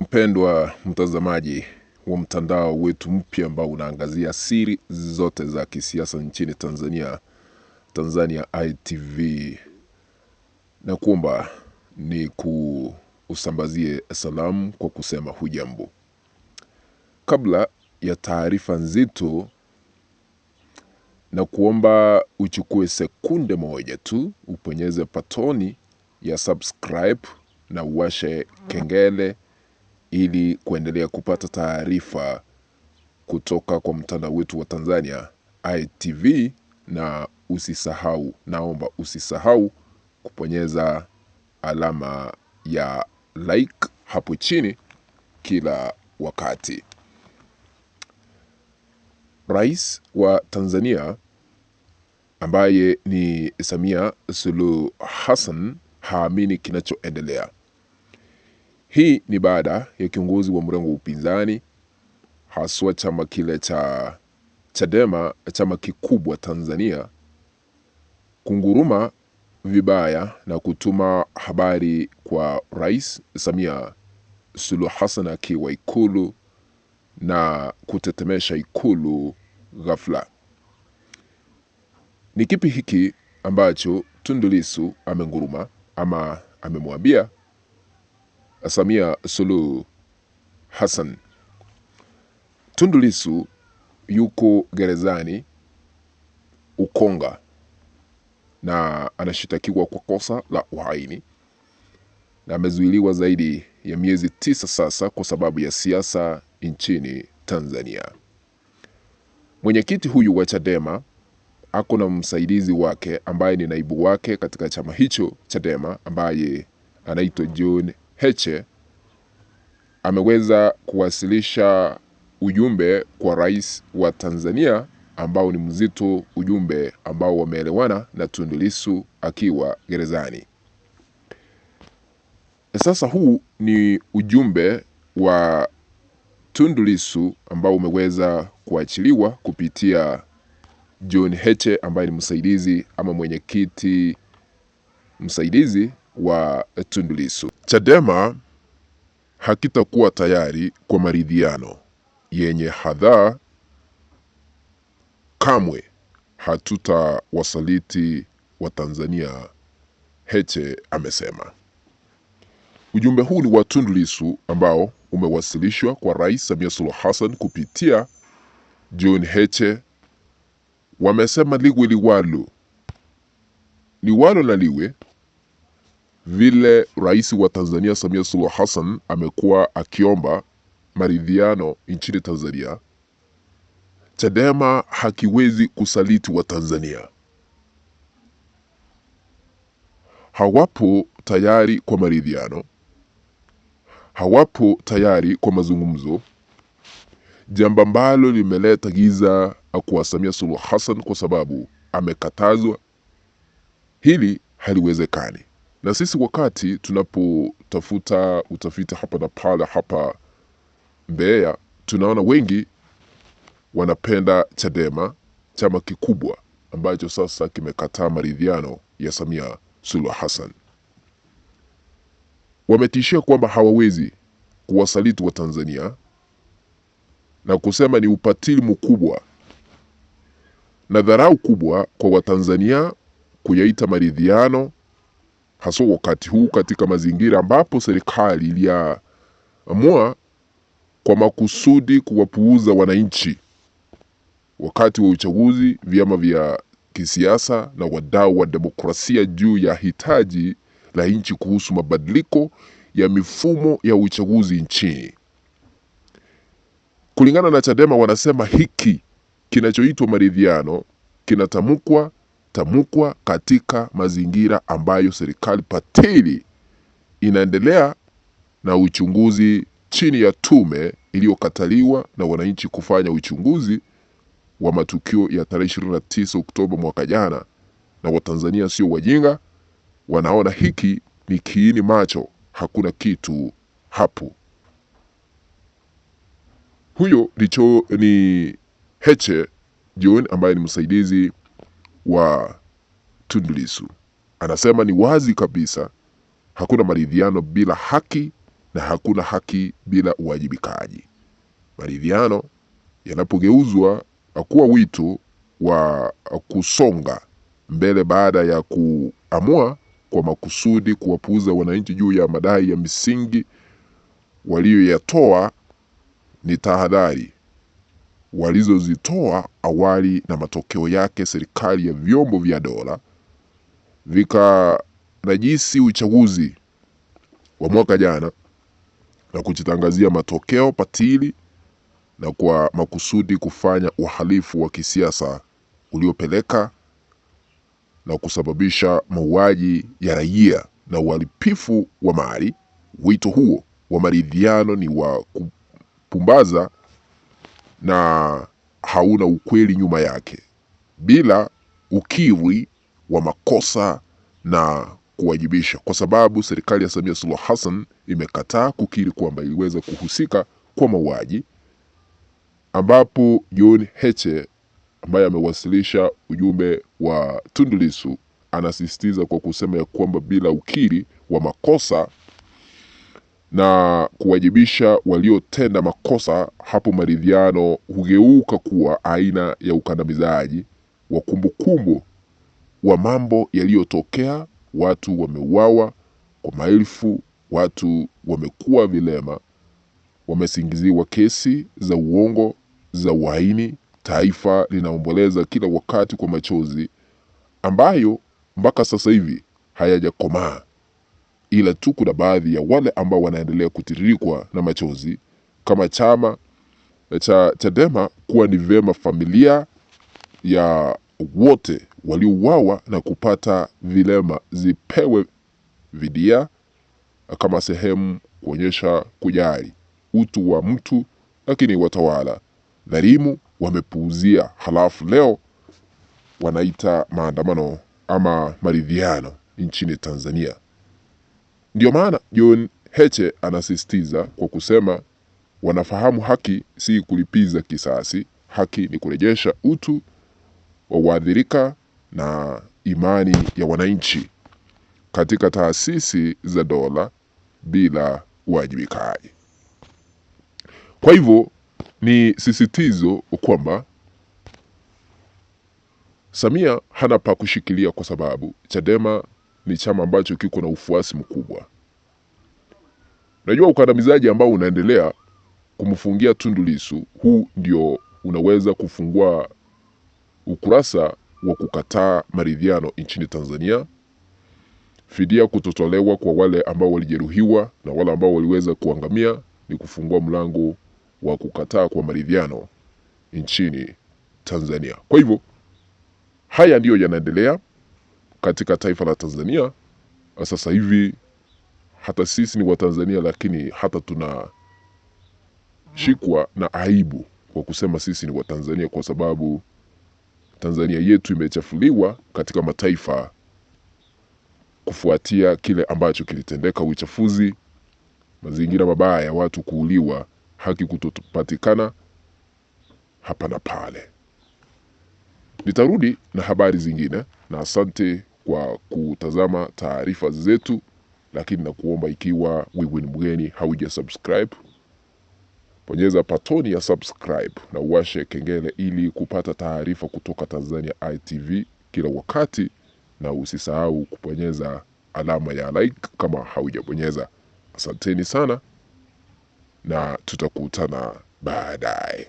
Mpendwa mtazamaji wa mtandao wetu mpya ambao unaangazia siri zote za kisiasa nchini Tanzania, Tanzania ITV, na kuomba ni kuusambazie salamu kwa kusema hujambo. Kabla ya taarifa nzito, na kuomba uchukue sekunde moja tu, uponyeze patoni ya subscribe na uwashe kengele ili kuendelea kupata taarifa kutoka kwa mtandao wetu wa Tanzania ITV, na usisahau, naomba usisahau kuponyeza alama ya like hapo chini kila wakati. Rais wa Tanzania ambaye ni Samia Suluhu Hassan haamini kinachoendelea. Hii ni baada ya kiongozi wa mrengo wa upinzani haswa chama kile cha Chadema, chama kikubwa Tanzania, kunguruma vibaya na kutuma habari kwa Rais Samia Suluhu Hassan akiwa Ikulu na kutetemesha Ikulu ghafla. Ni kipi hiki ambacho Tundu Lissu amenguruma ama amemwambia Samia Suluhu Hassan. Tundu Lissu yuko gerezani Ukonga na anashitakiwa kwa kosa la uhaini na amezuiliwa zaidi ya miezi tisa sasa kwa sababu ya siasa nchini Tanzania. Mwenyekiti huyu wa Chadema ako na msaidizi wake ambaye ni naibu wake katika chama hicho Chadema ambaye anaitwa John Heche ameweza kuwasilisha ujumbe kwa rais wa Tanzania ambao ni mzito, ujumbe ambao wameelewana na Tundu Lissu akiwa gerezani. Sasa huu ni ujumbe wa Tundu Lissu ambao umeweza kuachiliwa kupitia John Heche ambaye ni msaidizi ama mwenyekiti msaidizi wa Tundu Lissu. Chadema hakitakuwa tayari kwa maridhiano yenye hadhaa. Kamwe hatutawasaliti tanzania Heche amesema. Ujumbe huu ni wa Tundu Lissu ambao umewasilishwa kwa Rais Samia Suluhu Hassan kupitia John Heche. Wamesema liwe liwalo, liwalo na liwe vile rais wa Tanzania Samia Suluhu Hassan amekuwa akiomba maridhiano nchini Tanzania, Chadema hakiwezi kusaliti wa Tanzania. Hawapo tayari kwa maridhiano, hawapo tayari kwa mazungumzo, jambo ambalo limeleta giza kwa Samia Suluhu Hassan kwa sababu amekatazwa. Hili haliwezekani. Na sisi wakati tunapotafuta utafiti hapa na pale hapa Mbeya, tunaona wengi wanapenda Chadema, chama kikubwa ambacho sasa kimekataa maridhiano ya Samia suluh Hassan. Wametishia kwamba hawawezi kuwasaliti wa tanzania na kusema ni upatili mkubwa na dharau kubwa kwa Watanzania kuyaita maridhiano hasa wakati huu katika mazingira ambapo serikali iliamua kwa makusudi kuwapuuza wananchi wakati wa uchaguzi, vyama vya kisiasa na wadau wa demokrasia juu ya hitaji la nchi kuhusu mabadiliko ya mifumo ya uchaguzi nchini. Kulingana na Chadema, wanasema hiki kinachoitwa maridhiano kinatamkwa tamkwa katika mazingira ambayo serikali patili inaendelea na uchunguzi chini ya tume iliyokataliwa na wananchi kufanya uchunguzi wa matukio ya tarehe 29 Oktoba mwaka jana. Na Watanzania sio wajinga, wanaona hiki ni kiini macho, hakuna kitu hapo. Huyo ndicho ni Heche John ambaye ni msaidizi wa Tundu Lissu. Anasema ni wazi kabisa hakuna maridhiano bila haki na hakuna haki bila uwajibikaji. Maridhiano yanapogeuzwa akuwa wito wa kusonga mbele baada ya kuamua kwa makusudi kuwapuuza wananchi juu ya madai ya misingi waliyoyatoa, ni tahadhari walizozitoa awali na matokeo yake serikali ya vyombo vya dola vikanajisi uchaguzi wa mwaka jana na kujitangazia matokeo patili na kwa makusudi kufanya uhalifu wa kisiasa uliopeleka na kusababisha mauaji ya raia na uharibifu wa mali. Wito huo wa maridhiano ni wa kupumbaza na hauna ukweli nyuma yake, bila ukiri wa makosa na kuwajibisha, kwa sababu serikali ya Samia Suluhu Hassan imekataa kukiri kwamba iliweza kuhusika kwa mauaji, ambapo John Heche ambaye amewasilisha ujumbe wa Tundu Lissu anasisitiza kwa kusema ya kwamba bila ukiri wa makosa na kuwajibisha waliotenda makosa, hapo maridhiano hugeuka kuwa aina ya ukandamizaji wa kumbukumbu wa mambo yaliyotokea. Watu wameuawa kwa maelfu, watu wamekuwa vilema, wamesingiziwa kesi za uongo, za uhaini. Taifa linaomboleza kila wakati kwa machozi ambayo mpaka sasa hivi hayajakomaa ila tu kuna baadhi ya wale ambao wanaendelea kutiririkwa na machozi kama chama eh, cha Chadema kuwa ni vyema familia ya wote waliouawa na kupata vilema zipewe vidia eh, kama sehemu kuonyesha kujali utu wa mtu, lakini watawala dhalimu wamepuuzia, halafu leo wanaita maandamano ama maridhiano nchini Tanzania ndio maana John Heche anasisitiza kwa kusema wanafahamu haki si kulipiza kisasi, haki ni kurejesha utu wa waathirika na imani ya wananchi katika taasisi za dola bila uwajibikaji. Kwa hivyo ni sisitizo kwamba Samia hana pa kushikilia kwa sababu Chadema ni chama ambacho kiko na ufuasi mkubwa. Najua ukandamizaji ambao unaendelea kumfungia Tundu Lissu, huu ndio unaweza kufungua ukurasa wa kukataa maridhiano nchini Tanzania, fidia kutotolewa kwa wale ambao walijeruhiwa na wale ambao waliweza kuangamia, ni kufungua mlango wa kukataa kwa maridhiano nchini Tanzania. Kwa hivyo haya ndiyo yanaendelea katika taifa la Tanzania. Sasa hivi hata sisi ni Watanzania, lakini hata tunashikwa na aibu kwa kusema sisi ni Watanzania kwa sababu Tanzania yetu imechafuliwa katika mataifa kufuatia kile ambacho kilitendeka, uchafuzi, mazingira mabaya ya watu kuuliwa, haki kutopatikana hapa na pale. Nitarudi na habari zingine na asante kwa kutazama taarifa zetu, lakini nakuomba ikiwa wewe ni mgeni hauja subscribe, bonyeza patoni ya subscribe na uwashe kengele ili kupata taarifa kutoka Tanzania ITV kila wakati, na usisahau kubonyeza alama ya like kama haujabonyeza. Asanteni sana na tutakutana baadaye.